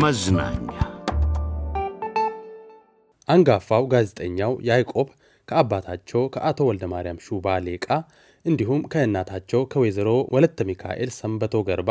መዝናኛ አንጋፋው ጋዜጠኛው ያይቆብ ከአባታቸው ከአቶ ወልደ ማርያም ሹባ ሌቃ እንዲሁም ከእናታቸው ከወይዘሮ ወለተ ሚካኤል ሰንበቶ ገርባ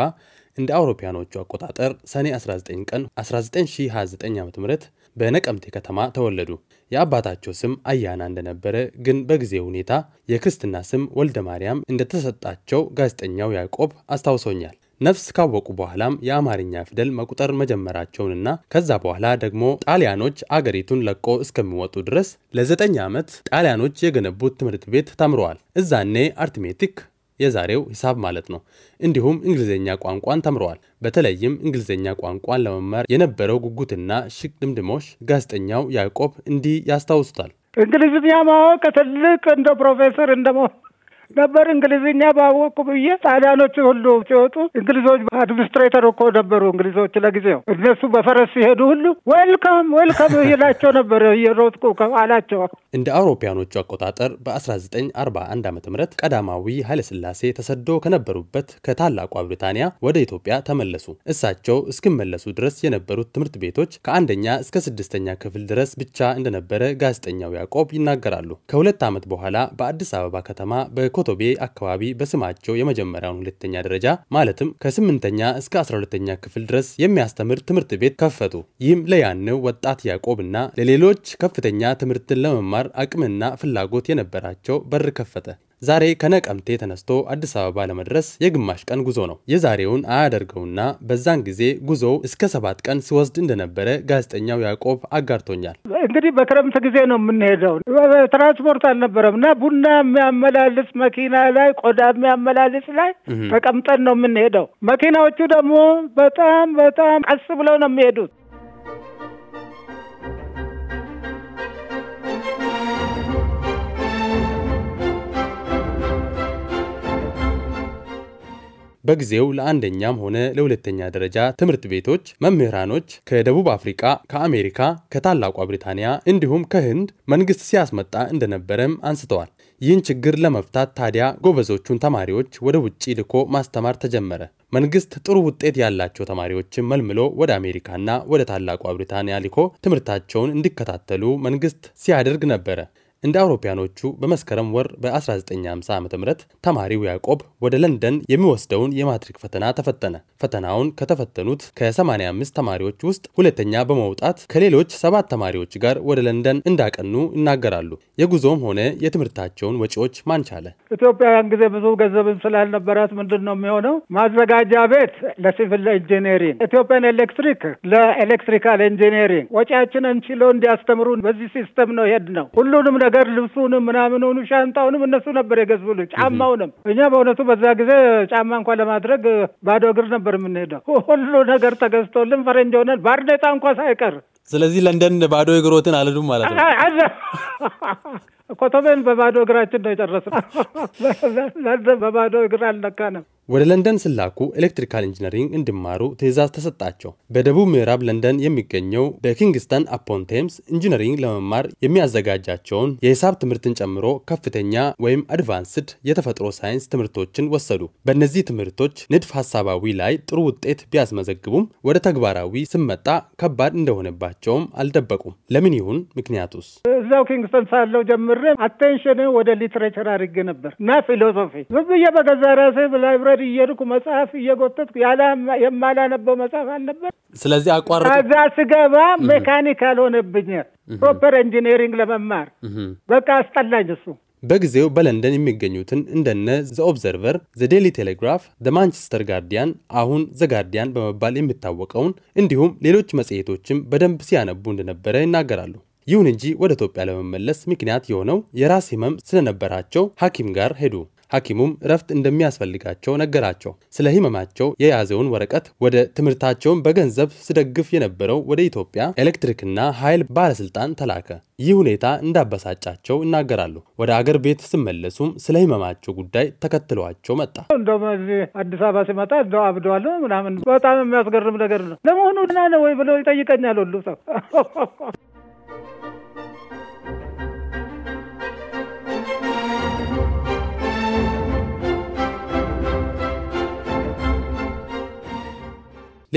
እንደ አውሮፓያኖቹ አቆጣጠር ሰኔ 19 ቀን 1929 ዓ ም በነቀምቴ ከተማ ተወለዱ። የአባታቸው ስም አያና እንደነበረ ግን በጊዜ ሁኔታ የክርስትና ስም ወልደ ማርያም እንደተሰጣቸው ጋዜጠኛው ያዕቆብ አስታውሶኛል። ነፍስ ካወቁ በኋላም የአማርኛ ፊደል መቁጠር መጀመራቸውንና ከዛ በኋላ ደግሞ ጣሊያኖች አገሪቱን ለቆ እስከሚወጡ ድረስ ለዘጠኝ ዓመት ጣሊያኖች የገነቡት ትምህርት ቤት ተምረዋል። እዛኔ አርትሜቲክ የዛሬው ሂሳብ ማለት ነው። እንዲሁም እንግሊዝኛ ቋንቋን ተምረዋል። በተለይም እንግሊዝኛ ቋንቋን ለመማር የነበረው ጉጉትና ሽቅ ድምድሞሽ ጋዜጠኛው ያዕቆብ እንዲህ ያስታውሱታል። እንግሊዝኛ ማወቅ ትልቅ እንደ ፕሮፌሰር እንደመሆን ነበር እንግሊዝኛ ባወቁ ብዬ ጣሊያኖች ሁሉ ሲወጡ እንግሊዞች አድሚኒስትሬተር እኮ ነበሩ እንግሊዞች ለጊዜው እነሱ በፈረስ ሲሄዱ ሁሉ ዌልካም ዌልካም ይላቸው ነበር እየሮጥኩ አላቸው። እንደ አውሮፓያኖቹ አቆጣጠር በ1941 ዓ ም ቀዳማዊ ኃይለስላሴ ተሰዶ ከነበሩበት ከታላቋ ብሪታንያ ወደ ኢትዮጵያ ተመለሱ። እሳቸው እስክመለሱ ድረስ የነበሩት ትምህርት ቤቶች ከአንደኛ እስከ ስድስተኛ ክፍል ድረስ ብቻ እንደነበረ ጋዜጠኛው ያዕቆብ ይናገራሉ። ከሁለት ዓመት በኋላ በአዲስ አበባ ከተማ በ በኮቶቤ አካባቢ በስማቸው የመጀመሪያውን ሁለተኛ ደረጃ ማለትም ከስምንተኛ እስከ 12ተኛ ክፍል ድረስ የሚያስተምር ትምህርት ቤት ከፈቱ። ይህም ለያንው ወጣት ያዕቆብና ለሌሎች ከፍተኛ ትምህርትን ለመማር አቅምና ፍላጎት የነበራቸው በር ከፈተ። ዛሬ ከነቀምቴ ተነስቶ አዲስ አበባ ለመድረስ የግማሽ ቀን ጉዞ ነው። የዛሬውን አያደርገውና በዛን ጊዜ ጉዞው እስከ ሰባት ቀን ሲወስድ እንደነበረ ጋዜጠኛው ያዕቆብ አጋርቶኛል። እንግዲህ በክረምት ጊዜ ነው የምንሄደው። ትራንስፖርት አልነበረም እና ቡና የሚያመላልስ መኪና ላይ ቆዳ የሚያመላልስ ላይ ተቀምጠን ነው የምንሄደው። መኪናዎቹ ደግሞ በጣም በጣም ቀስ ብለው ነው የሚሄዱት። በጊዜው ለአንደኛም ሆነ ለሁለተኛ ደረጃ ትምህርት ቤቶች መምህራኖች ከደቡብ አፍሪካ፣ ከአሜሪካ፣ ከታላቋ ብሪታንያ እንዲሁም ከህንድ መንግስት ሲያስመጣ እንደነበረም አንስተዋል። ይህን ችግር ለመፍታት ታዲያ ጎበዞቹን ተማሪዎች ወደ ውጭ ልኮ ማስተማር ተጀመረ። መንግስት ጥሩ ውጤት ያላቸው ተማሪዎችን መልምሎ ወደ አሜሪካና ወደ ታላቋ ብሪታንያ ልኮ ትምህርታቸውን እንዲከታተሉ መንግስት ሲያደርግ ነበረ። እንደ አውሮፓያኖቹ በመስከረም ወር በ1950 ዓ ም ተማሪው ያዕቆብ ወደ ለንደን የሚወስደውን የማትሪክ ፈተና ተፈተነ። ፈተናውን ከተፈተኑት ከ85 ተማሪዎች ውስጥ ሁለተኛ በመውጣት ከሌሎች ሰባት ተማሪዎች ጋር ወደ ለንደን እንዳቀኑ ይናገራሉ። የጉዞም ሆነ የትምህርታቸውን ወጪዎች ማን ቻለ? ኢትዮጵያውያን ጊዜ ብዙ ገንዘብም ስላልነበራት ምንድን ነው የሚሆነው ማዘጋጃ ቤት ለሲቪል ኢንጂነሪንግ ኢትዮጵያን ኤሌክትሪክ ለኤሌክትሪካል ኢንጂነሪንግ ወጪያችንን ችሎ እንዲያስተምሩ በዚህ ሲስተም ነው ሄድ ነው ሁሉንም ነገር ልብሱንም ምናምኑን ሻንጣውንም እነሱ ነበር የገዝቡልን ጫማውንም። እኛ በእውነቱ በዛ ጊዜ ጫማ እንኳ ለማድረግ ባዶ እግር ነበር የምንሄደው። ሁሉ ነገር ተገዝቶልን ፈረንጅ ሆነን ባርኔጣ እንኳ ሳይቀር። ስለዚህ ለንደን ባዶ እግሮትን አልሄዱም ማለት ነው። ኮቶቤን በባዶ እግራችን ነው የጨረስነው። ለንደን በባዶ እግር አልነካንም። ወደ ለንደን ስላኩ ኤሌክትሪካል ኢንጂነሪንግ እንዲማሩ ትዕዛዝ ተሰጣቸው። በደቡብ ምዕራብ ለንደን የሚገኘው በኪንግስተን አፖን ቴምስ ኢንጂነሪንግ ለመማር የሚያዘጋጃቸውን የሂሳብ ትምህርትን ጨምሮ ከፍተኛ ወይም አድቫንስድ የተፈጥሮ ሳይንስ ትምህርቶችን ወሰዱ። በእነዚህ ትምህርቶች ንድፍ ሀሳባዊ ላይ ጥሩ ውጤት ቢያስመዘግቡም ወደ ተግባራዊ ስመጣ ከባድ እንደሆነባቸውም አልደበቁም። ለምን ይሁን ምክንያቱስ? እዛው ኪንግስተን ሳለው ጀምሬ አቴንሽን ወደ ሊትሬቸር አድርጌ ነበር እና ፊሎሶፊ ዝም ብዬ በገዛ ራሴ መንገድ እየሄድኩ መጽሐፍ እየጎተትኩ የማላነበው መጽሐፍ አልነበር። ስለዚህ አቋርጥ ከዛ ስገባ ሜካኒካል ሆነብኝ። ፕሮፐር ኢንጂነሪንግ ለመማር በቃ አስጠላኝ እሱ። በጊዜው በለንደን የሚገኙትን እንደነ ዘ ኦብዘርቨር፣ ዘ ዴሊ ቴሌግራፍ፣ ዘ ማንቸስተር ጋርዲያን አሁን ዘ ጋርዲያን በመባል የሚታወቀውን እንዲሁም ሌሎች መጽሔቶችም በደንብ ሲያነቡ እንደነበረ ይናገራሉ። ይሁን እንጂ ወደ ኢትዮጵያ ለመመለስ ምክንያት የሆነው የራስ ህመም ስለነበራቸው ሐኪም ጋር ሄዱ። ሐኪሙም እረፍት እንደሚያስፈልጋቸው ነገራቸው። ስለ ህመማቸው የያዘውን ወረቀት ወደ ትምህርታቸውን በገንዘብ ስደግፍ የነበረው ወደ ኢትዮጵያ ኤሌክትሪክና ኃይል ባለስልጣን ተላከ። ይህ ሁኔታ እንዳበሳጫቸው ይናገራሉ። ወደ አገር ቤት ስመለሱም ስለ ህመማቸው ጉዳይ ተከትሏቸው መጣ። እንደውም እዚህ አዲስ አበባ ሲመጣ እንደው አብደዋል ምናምን በጣም የሚያስገርም ነገር ነው። ለመሆኑ ደህና ወይ ብለው ይጠይቀኛል ሁሉ ሰው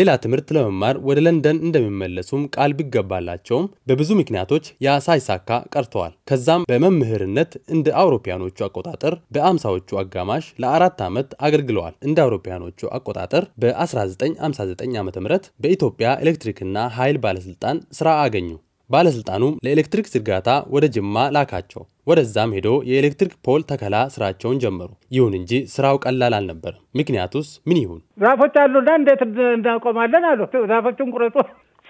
ሌላ ትምህርት ለመማር ወደ ለንደን እንደሚመለሱም ቃል ቢገባላቸውም በብዙ ምክንያቶች ያ ሳይሳካ ቀርተዋል። ከዛም በመምህርነት እንደ አውሮፓያኖቹ አቆጣጠር በአምሳዎቹ አጋማሽ ለአራት ዓመት አገልግለዋል። እንደ አውሮፓያኖቹ አቆጣጠር በ1959 ዓ ም በኢትዮጵያ ኤሌክትሪክና ኃይል ባለስልጣን ስራ አገኙ። ባለስልጣኑ ለኤሌክትሪክ ዝርጋታ ወደ ጅማ ላካቸው። ወደዛም ሄዶ የኤሌክትሪክ ፖል ተከላ ስራቸውን ጀመሩ። ይሁን እንጂ ስራው ቀላል አልነበረም። ምክንያቱስ ምን ይሁን? ዛፎች አሉና እንዴት እናቆማለን አሉ። ዛፎቹን ቁረጡ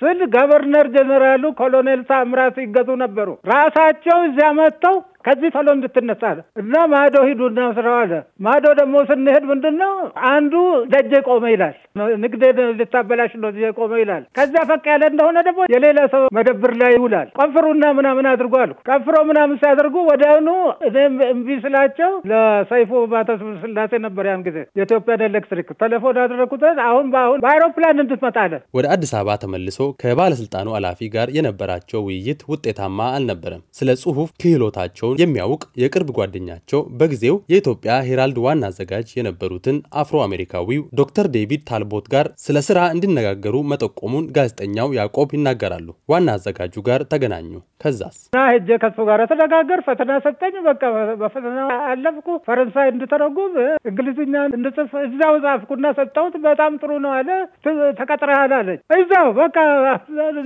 ስል ገቨርነር ጀኔራሉ ኮሎኔል ታምራት ሲገዙ ነበሩ። ራሳቸው እዚያ መጥተው ከዚህ ቶሎ እንድትነሳ እና ማዶ ሂዱ እናስረው አለ። ማዶ ደግሞ ስንሄድ ምንድን ነው አንዱ ደጀ ቆመ ይላል። ንግድ ልታበላሽ ነው ደጀ ቆመ ይላል። ከዚያ ፈቅ ያለ እንደሆነ ደግሞ የሌላ ሰው መደብር ላይ ይውላል። ቆፍሩና ምናምን አድርጎ አልኩ። ቆፍሮ ምናምን ሲያደርጉ ወዲያውኑ እኔም እምቢ ስላቸው ለሰይፉ ባተስላሴ ነበር ያን ጊዜ የኢትዮጵያን ኤሌክትሪክ ቴሌፎን አደረግኩት። አሁን በአሁን በአይሮፕላን እንድትመጣ አለ። ወደ አዲስ አበባ ተመልሶ ከባለስልጣኑ ኃላፊ ጋር የነበራቸው ውይይት ውጤታማ አልነበረም። ስለ ጽሁፍ ክህሎታቸው መሆናቸውን የሚያውቅ የቅርብ ጓደኛቸው በጊዜው የኢትዮጵያ ሄራልድ ዋና አዘጋጅ የነበሩትን አፍሮ አሜሪካዊው ዶክተር ዴቪድ ታልቦት ጋር ስለ ስራ እንዲነጋገሩ መጠቆሙን ጋዜጠኛው ያዕቆብ ይናገራሉ። ዋና አዘጋጁ ጋር ተገናኙ። ከዛስ ና ሄጄ ከሱ ጋር ተነጋገር፣ ፈተና ሰጠኝ። በቃ በፈተና አለፍኩ። ፈረንሳይ እንድተረጉም እንግሊዝኛ እንድጽፍ እዛው ጻፍኩና ሰጠሁት። በጣም ጥሩ ነው አለ። ተቀጥረሃል አለች። እዛው በቃ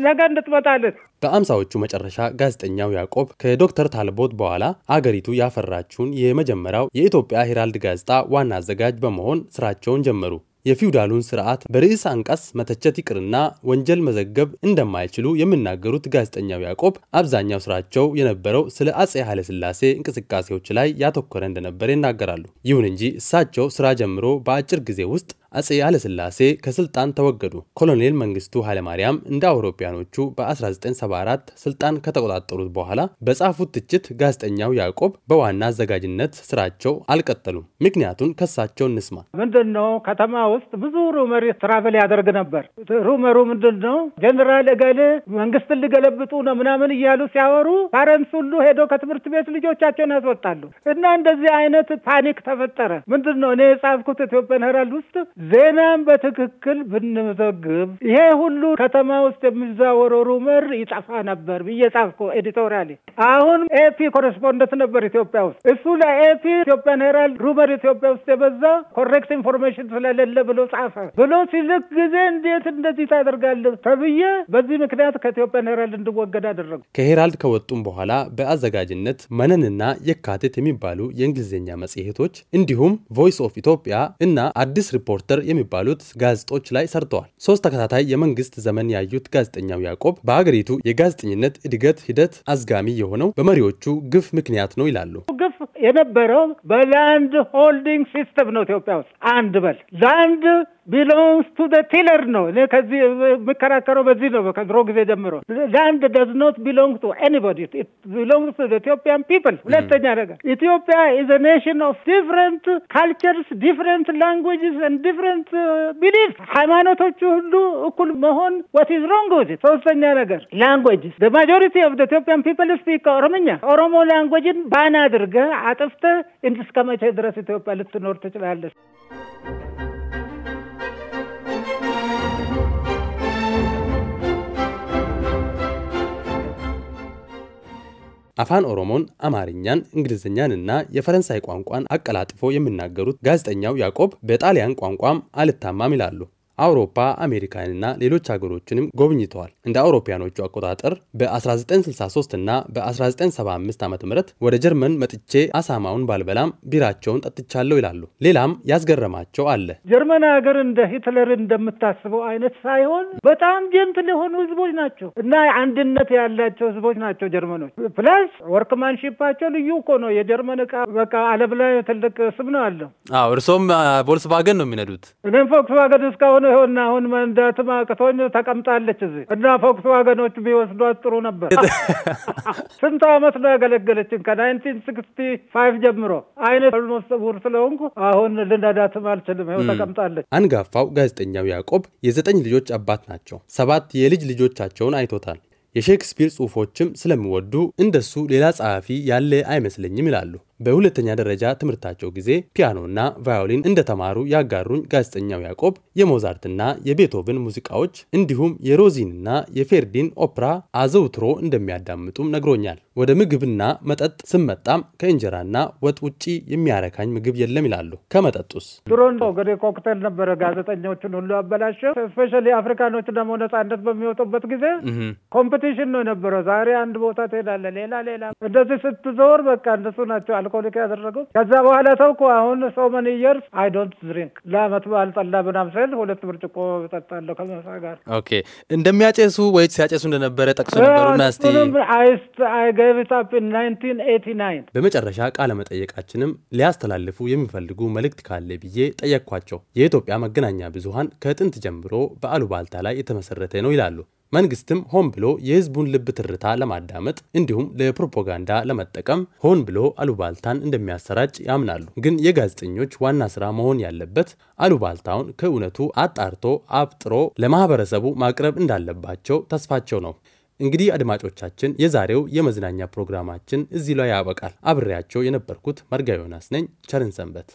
ነገ እንድትመጣለት በአምሳዎቹ መጨረሻ ጋዜጠኛው ያዕቆብ ከዶክተር ታልቦት በኋላ አገሪቱ ያፈራችውን የመጀመሪያው የኢትዮጵያ ሄራልድ ጋዜጣ ዋና አዘጋጅ በመሆን ስራቸውን ጀመሩ። የፊውዳሉን ስርዓት በርዕስ አንቀጽ መተቸት ይቅርና ወንጀል መዘገብ እንደማይችሉ የሚናገሩት ጋዜጠኛው ያዕቆብ አብዛኛው ስራቸው የነበረው ስለ አጼ ኃይለሥላሴ እንቅስቃሴዎች ላይ ያተኮረ እንደነበረ ይናገራሉ። ይሁን እንጂ እሳቸው ስራ ጀምሮ በአጭር ጊዜ ውስጥ አጼ ኃይለሥላሴ ከስልጣን ተወገዱ። ኮሎኔል መንግስቱ ኃይለማርያም እንደ አውሮፓያኖቹ በ1974 ስልጣን ከተቆጣጠሩት በኋላ በጻፉት ትችት ጋዜጠኛው ያዕቆብ በዋና አዘጋጅነት ስራቸው አልቀጠሉም። ምክንያቱን ከሳቸው እንስማ። ምንድን ነው ከተማ ውስጥ ብዙ ሩመር ትራቨል ያደርግ ነበር። ሩመሩ ምንድን ነው? ጀኔራል መንግስትን ሊገለብጡ ነው ምናምን እያሉ ሲያወሩ ፓረንስ ሁሉ ሄዶ ከትምህርት ቤት ልጆቻቸውን ያስወጣሉ እና እንደዚህ አይነት ፓኒክ ተፈጠረ። ምንድን ነው እኔ የጻፍኩት ኢትዮጵያን ሄራልድ ውስጥ ዜናም በትክክል ብንመዘግብ ይሄ ሁሉ ከተማ ውስጥ የሚዛወረው ሩመር ይጠፋ ነበር ብዬ ጻፍኩ ኤዲቶሪያል። አሁን ኤፒ ኮረስፖንደንት ነበር ኢትዮጵያ ውስጥ። እሱ ለኤፒ ኢትዮጵያን ሄራልድ ሩመር ኢትዮጵያ ውስጥ የበዛ ኮሬክት ኢንፎርሜሽን ስለሌለ ብሎ ጻፈ ብሎ ሲልክ ጊዜ እንዴት እንደዚህ ታደርጋለህ ተብዬ በዚህ ምክንያት ከኢትዮጵያን ሄራልድ እንድወገድ አደረጉ። ከሄራልድ ከወጡም በኋላ በአዘጋጅነት መነንና የካቴት የሚባሉ የእንግሊዝኛ መጽሔቶች እንዲሁም ቮይስ ኦፍ ኢትዮጵያ እና አዲስ ሪፖርተር ሪፖርተር የሚባሉት ጋዜጦች ላይ ሰርተዋል። ሶስት ተከታታይ የመንግስት ዘመን ያዩት ጋዜጠኛው ያዕቆብ በሀገሪቱ የጋዜጠኝነት እድገት ሂደት አዝጋሚ የሆነው በመሪዎቹ ግፍ ምክንያት ነው ይላሉ። ግፍ የነበረው በላንድ ሆልዲንግ ሲስተም ነው ኢትዮጵያ ውስጥ አንድ በል ላንድ ቢሎንግስ ቱ ደ ቲለር ነው። እኔ ከዚህ የምከራከረው በዚህ ነው ከድሮ ጊዜ ጀምሮ። ላንድ ደዝ ኖት ቢሎንግ ቱ ኤኒቦዲ ኢት ቢሎንግስ ቱ ኢትዮጵያን ፒፕል። ሁለተኛ ነገር ኢትዮጵያ ኢዝ ኔሽን ኦፍ ዲፍረንት ካልቸርስ ዲፍረንት ላንጉጅስ ኤንድ ዲፍረንት ቢሊፍ ሃይማኖቶቹ ሁሉ እኩል መሆን ወት ኢዝ ሮንግ ዊዝ ሶስተኛ ነገር ላንጉጅስ ደ ማጆሪቲ ኦፍ ደ ኢትዮጵያን ፒፕል ስፒክ ኦሮምኛ። ኦሮሞ ላንጉጅን ባን አድርገህ አጥፍተህ እስከ መቼ ድረስ ኢትዮጵያ ልትኖር ትችላለች? አፋን ኦሮሞን፣ አማርኛን፣ እንግሊዝኛን እና የፈረንሳይ ቋንቋን አቀላጥፎ የሚናገሩት ጋዜጠኛው ያዕቆብ በጣሊያን ቋንቋም አልታማም ይላሉ። አውሮፓ አሜሪካንና ሌሎች ሀገሮችንም ጎብኝተዋል። እንደ አውሮፓያኖቹ አቆጣጠር በ1963 እና በ1975 ዓ ም ወደ ጀርመን መጥቼ አሳማውን ባልበላም ቢራቸውን ጠጥቻለሁ ይላሉ። ሌላም ያስገረማቸው አለ። ጀርመን ሀገር እንደ ሂትለር እንደምታስበው አይነት ሳይሆን በጣም ጀንትል የሆኑ ህዝቦች ናቸው እና አንድነት ያላቸው ህዝቦች ናቸው ጀርመኖች። ፕላስ ወርክማንሺፓቸው ልዩ እኮ ነው። የጀርመን እቃ በቃ ዓለም ላይ ትልቅ ስም ነው አለው። እርሶም ቮልስቫገን ነው የሚነዱት። እኔም ፎልክስቫገን እስካሁን ነው። ይኸውና አሁን መንዳትም አቅቶኝ ተቀምጣለች እዚህ እና ፎክስ ዋገኖች ቢወስዷት ጥሩ ነበር። ስንት አመት ነው ያገለገለችን? ከናይንቲን ሲክስቲ ፋይቭ ጀምሮ አይነት ውር ስለሆንኩ አሁን ልነዳትም አልችልም። ይኸው ተቀምጣለች። አንጋፋው ጋዜጠኛው ያዕቆብ የዘጠኝ ልጆች አባት ናቸው። ሰባት የልጅ ልጆቻቸውን አይቶታል። የሼክስፒር ጽሁፎችም ስለሚወዱ እንደሱ ሌላ ጸሐፊ ያለ አይመስለኝም ይላሉ። በሁለተኛ ደረጃ ትምህርታቸው ጊዜ ፒያኖና ቫዮሊን እንደተማሩ ያጋሩኝ ጋዜጠኛው ያዕቆብ የሞዛርትና የቤቶቨን ሙዚቃዎች እንዲሁም የሮዚንና የፌርዲን ኦፕራ አዘውትሮ እንደሚያዳምጡም ነግሮኛል። ወደ ምግብና መጠጥ ስመጣም ከእንጀራና ወጥ ውጪ የሚያረካኝ ምግብ የለም ይላሉ። ከመጠጡስ ድሮ ገዴ ኮክቴል ነበረ። ጋዜጠኞችን ሁሉ አበላሸው። ስፔሻሊ አፍሪካኖች ደግሞ ነጻነት በሚወጡበት ጊዜ ኮምፒቲሽን ነው የነበረው። ዛሬ አንድ ቦታ ትሄዳለህ፣ ሌላ ሌላ፣ እንደዚህ ስትዞር በቃ እንደሱ ናቸው። አልኮሊክ ያደረገው። ከዛ በኋላ ተውኩ። አሁን ሰው መን ይርስ አይ ዶንት ድሪንክ ለአመት በዓል ጠላ ምናምን ስል ሁለት ብርጭቆ ጠጣለሁ ከመሳ ጋር። ኦኬ እንደሚያጨሱ ወይ ሲያጨሱ እንደነበረ ጠቅሶ ነበሩና ስ አይስት ናይን። በመጨረሻ ቃለ መጠየቃችንም ሊያስተላልፉ የሚፈልጉ መልእክት ካለ ብዬ ጠየቅኳቸው። የኢትዮጵያ መገናኛ ብዙሀን ከጥንት ጀምሮ በአሉባልታ ላይ የተመሰረተ ነው ይላሉ። መንግስትም ሆን ብሎ የህዝቡን ልብ ትርታ ለማዳመጥ እንዲሁም ለፕሮፓጋንዳ ለመጠቀም ሆን ብሎ አሉባልታን እንደሚያሰራጭ ያምናሉ። ግን የጋዜጠኞች ዋና ስራ መሆን ያለበት አሉባልታውን ከእውነቱ አጣርቶ አብጥሮ ለማህበረሰቡ ማቅረብ እንዳለባቸው ተስፋቸው ነው። እንግዲህ አድማጮቻችን፣ የዛሬው የመዝናኛ ፕሮግራማችን እዚህ ላይ ያበቃል። አብሬያቸው የነበርኩት መርጋ ዮናስ ነኝ። ቸርን ሰንበት